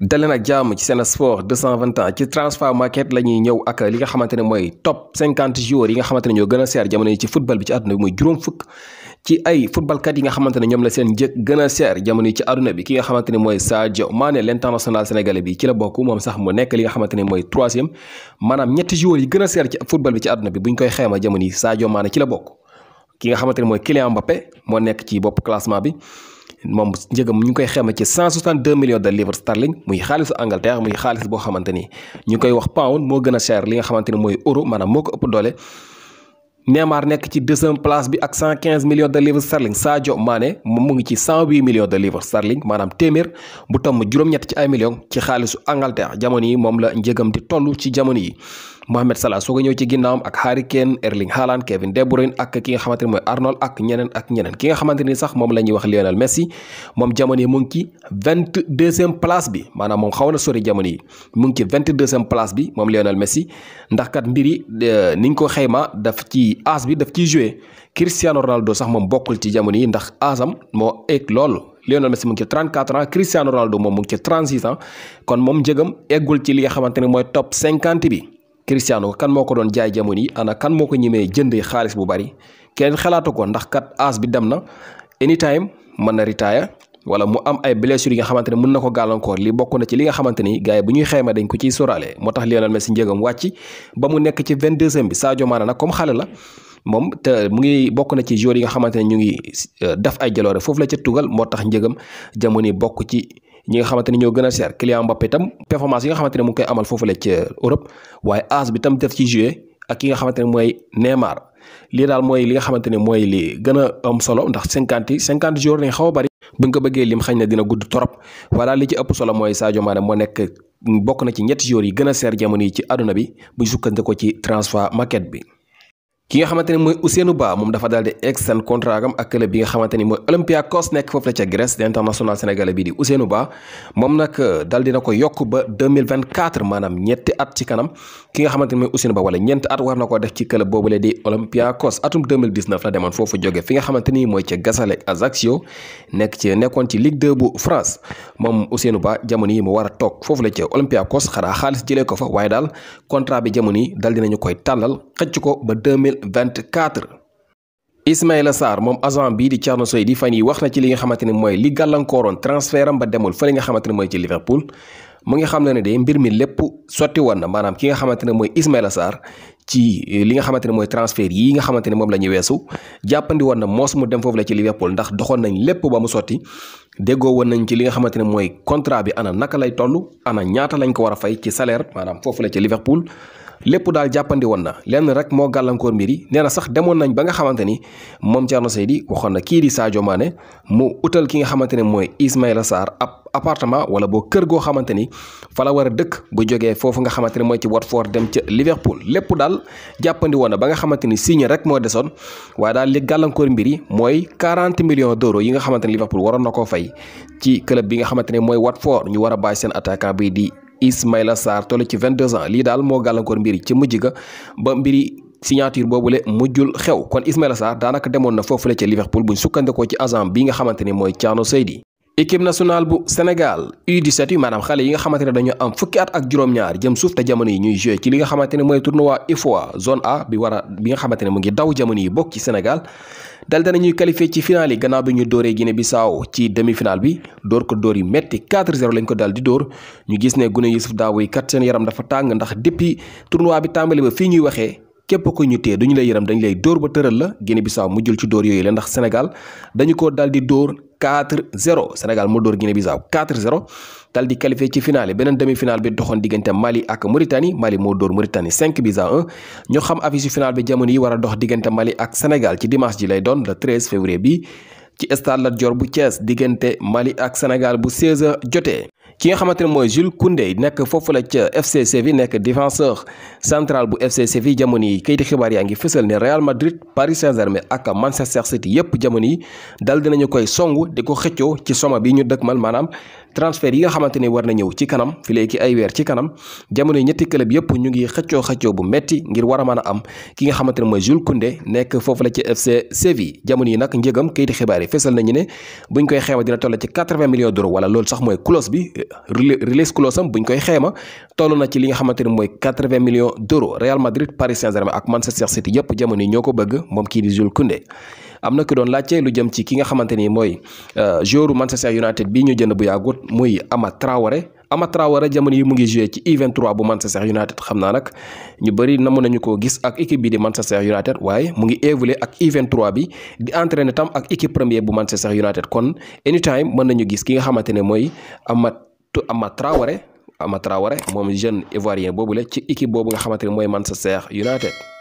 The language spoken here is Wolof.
daleen ak jàmm ci Sen Sport 221 ci transfer market la ñuy ñëw ak li nga xamante ne mooy top 50 joueurs yi nga xamante ne ñoo gën a seer jamono yi ci football bi ci àdduna bi mooy juróom fukk ci ne ñoom la seen njëg gën a seer jamono ci àdduna bi ki nga xamante ne mooy Sadio Mané l'international sénégalais bi ci la bokk moom sax mu nekk li nga xamante ne mooy troisième maanaam ñetti joueurs yi gën a seer ci football bi ci àdduna bi bu ñu koy xayma jamono yi Sadio Mané ci la bokk ki nga xamante ne mooy Kylian Mbappé moo nekk ci bopp classement bi moom njëgam ñu ngi koy xayma ci 162 millions de livres sterling muy xaalisu Angleterre muy xaalis boo xamante ni ñu koy wax pound moo gën a cher li nga xamante ni mooy euro maanaam moo ko ëpp doole. Neymar nekk ci deuxième place bi ak 115 millions de livres sterling Sadio Mané moom mu ngi ci 108 millions de livres sterling maanaam téeméer bu tomm juróom-ñett ci ay millions ci xaalisu Angleterre jamono yi moom la njëgam di toll ci jamono yi. Mohamed Salah soo ko ñëw ci ginnaawam ak Harry Kane Erling Haaland Kevin De Bruyne ak ki nga xamante ni mooy Arnold ak ñeneen ak ñeneen ki nga xamante ni sax moom la ñuy wax Lionel Messi moom jamono yi mu ngi ci vingt deuxième place bi maanaam moom xaw na sori jamono yi mu ngi ci vingt deuxième place bi moom Lionel Messi ndax kat mbir yi ni ñu ko xayma daf ci as bi daf ciy joué Cristiano Ronaldo sax moom bokkul ci jamono yi ndax asam moo eeg loolu Lionel Messi mu ngi ci 34 ans Cristiano Ronaldo moom mu ngi ci 36 kon moom njëgam eggul ci li nga xamante ne mooy top cinquante bi. Cristiano kan moo ko doon jaay jamono yi ana kan moo ko ñemee jëndee xaalis bu bari kenn xalaatu ko ndax kat as bi dem na anytime mën na retire wala mu am ay blessures yi nga xamante ne mën na ko gàllankoor li bokk na ci li nga xamante ni gars yi bu ñuy xayma dañ ko ciy sóoraale moo tax Lionel Messi njegam wàcc ba mu nekk ci 22e bi Sadio Mané nag comme xale la moom mu ngi bokk na ci joueurs yi nga xamante ne ñu ngi euh, def ay jaloore foofu la ca tugal moo tax njegam jamono yi bokk ci. ñi nga xamante ni ñoo gën a seer Kylian Mbappé itam performance yi nga xamante ne mu ngi koy amal foofu la ci Europe waaye âge bi tam def ci joué ak ki nga xamante ne mooy Neymar lii daal mooy li nga xamante ne mooy li gën a am solo ndax cinquante yi cinquante jours lañ xaw a bari buñ ko bëggee lim xañ na dina gudd torop voilà li ci ëpp solo mooy Sadio Mané moo nekk bokk na ci ñetti jours yi gën a seer jamono yi ci àdduna bi bu ñu sukkandikoo ci transfer market bi ki nga xamante ne mooy Ousseynou Ba moom dafa daal di egg seen contrat am ak club bi nga xamante ni mooy Olympiakos nekk foofu la ca Grèce di international sénégalais di Ousseynou Ba moom nag euh, daal dina ko yokk ba maanaam ñetti at ci kanam ki nga xamante ni mooy Ousseynou Ba wala ñeent at war na ko def ci club boobule di Olympiakos atum 2019 la demoon foofu jóge fi nga xamante mooy ca Gasale Ajaccio nekk ci nekkoon ci Ligue 2 bu France moom Ousseynou Ba jamono yi mu war a toog foofu la ca Olympiakos xanaa xaalis jëlee ko fa waaye daal contrat bi jamono yi daal dinañu koy tàllal xëcc ko ba 2024 Ismaïla Sarr moom agent bii di Thierno Seydi fan yi wax na ci li nga xamante ne mooy li gàllankooroon transfert am ba demul fële nga ne mooy ci Liverpool mu ngi xam ne ne de mbir mi lépp sotti na maanaam ki nga xamante ne mooy Ismaïla Sarr ci eh, li nga xamante mooy transfert yi nga xamante ne moom la ñu weesu jàppandi woon na moos mu dem foofu la ci Liverpool ndax doxoon nañ lépp ba mu sotti déggoo woon nañ ci li nga xamante ne mooy contrat bi ana naka lay toll ana ñaata lañ ko war a fay ci salaire maanaam foofu la ci Liverpool lépp daal jàppandi woon na lenn rek moo gàllankoor mbir yi nee na sax demoon nañ ba nga xamante ni moom Thierno di waxoon na kii di Sadio Mané mu utal ki nga xamante ne mooy Ismaïla Sarr ab appartement wala boo kër goo xamante ni fa la war a dëkk bu jógee foofu nga xamante ne mooy ci Watford dem ca Liverpool lépp daal jàppandi woon na ba nga xamante ni signé rek moo desoon waaye daal li gàllankoor mbir yi mooy 40 millions d'euros yi nga xamante ne Liverpool waroon na koo fay ci club bi nga xamante ne mooy Watford ñu war a bàyyi seen attaquant Ismaïla Sarr toll ci 22 ans lii daal moo gàllankoor mbir yi ci mujj ga ba mbiri signature boobule mujjul xew kon Ismaïla Sarr daanaka demoon na foofu foofule ca Liverpool buñ sukkandikoo ci agent bi nga xamante ne mooy Thiano Seydi équipe nationale bu Sénégal U17 yi maanaam xale yi nga xamante ne dañoo am fukki at ak juróom-ñaar jëm suuf te jamono yi ñuy joué ci li nga xamante ne mooy tournoi UFOA zone A bi war a bi nga xamante ne mu ngi daw jamono yi bokk ci Sénégal dal danañuy qualifié ci final yi gannaaw bi ñu dóoree Guinée Bissau ci demi final bi dóor ko dóor yi metti 4-0 lañ ko daal di dóor ñu gis ne Guinée Youssouf Daabo yi kat seen yaram dafa tàng ndax depuis tournoi bi tàmbali ba fii ñuy waxee képp ko ñu téye duñu lay yërëm dañu lay dóor ba tëral la Guinée Bissau mujjul ci dóor yooyu la ndax senegal dañu ko daal di dóor 4-0 Sénégal moo dóor Guinée Bissau 4-0 di qualifié ci finale beneen demi finale bi doxoon diggante Mali ak Mauritanie Mali moo dóor Mauritanie 5 bis ñu xam affiche finale bi jamono yi war a dox diggante Mali ak Sénégal ci dimanche ji lay doon le 13 février bi ci stade joor bu Thiès diggante Mali ak Sénégal bu 16h jotee. ki nga xamante ne mooy Jules Koundé nekk foofu la ca FC nekk défenseur central bu FC Séville jamono yi kayiti xibaar yaa ngi fësal ne Real Madrid Paris saint ak ak Manchester City yépp jamono yi dal dinañu koy songu di ko xëccoo ci soma bi ñu man maanaam transfert yi nga xamante ni war na ñëw ci kanam fi léegi ay weer ci kanam jamono ñetti club yëpp ñu ngi xëccoo xëccoo bu metti ngir war a man a am ki nga xamante ne mooy Jules Koundé nekk foofu la ci FC Séville jamono yi nag njëgam kayiti xibaar yi fesal nañu ne buñ koy xeema dina toll ci 80 millions d'euros wala lool sax mooy clause bi release clause am buñ koy xeema toll na ci li nga xamante ne mooy 80 millions d'euros Real Madrid Paris Saint-Germain ak yi ñoo ko bëgg moom kii di Jules Koundé am na ku doon laajte lu jëm ci ki nga xamante ni mooy euh, joueur Manchester United bii ñu jënd bu yàggut muy Ama Traoré Ama Traoré jamono yi mu ngi joué ci U23 bu Manchester United xam naa nag ñu bëri namoon nañu koo gis ak équipe bi di Manchester United waaye mu ngi évolué ak U23 bi di ne tam ak équipe première bu Manchester United kon anytime mën nañu gis ki nga xamante ne mooy Ama Ama Traoré Ama Traoré moom jeune Ivoirien boobu le ci équipe boobu nga xamante ne mooy Manchester United.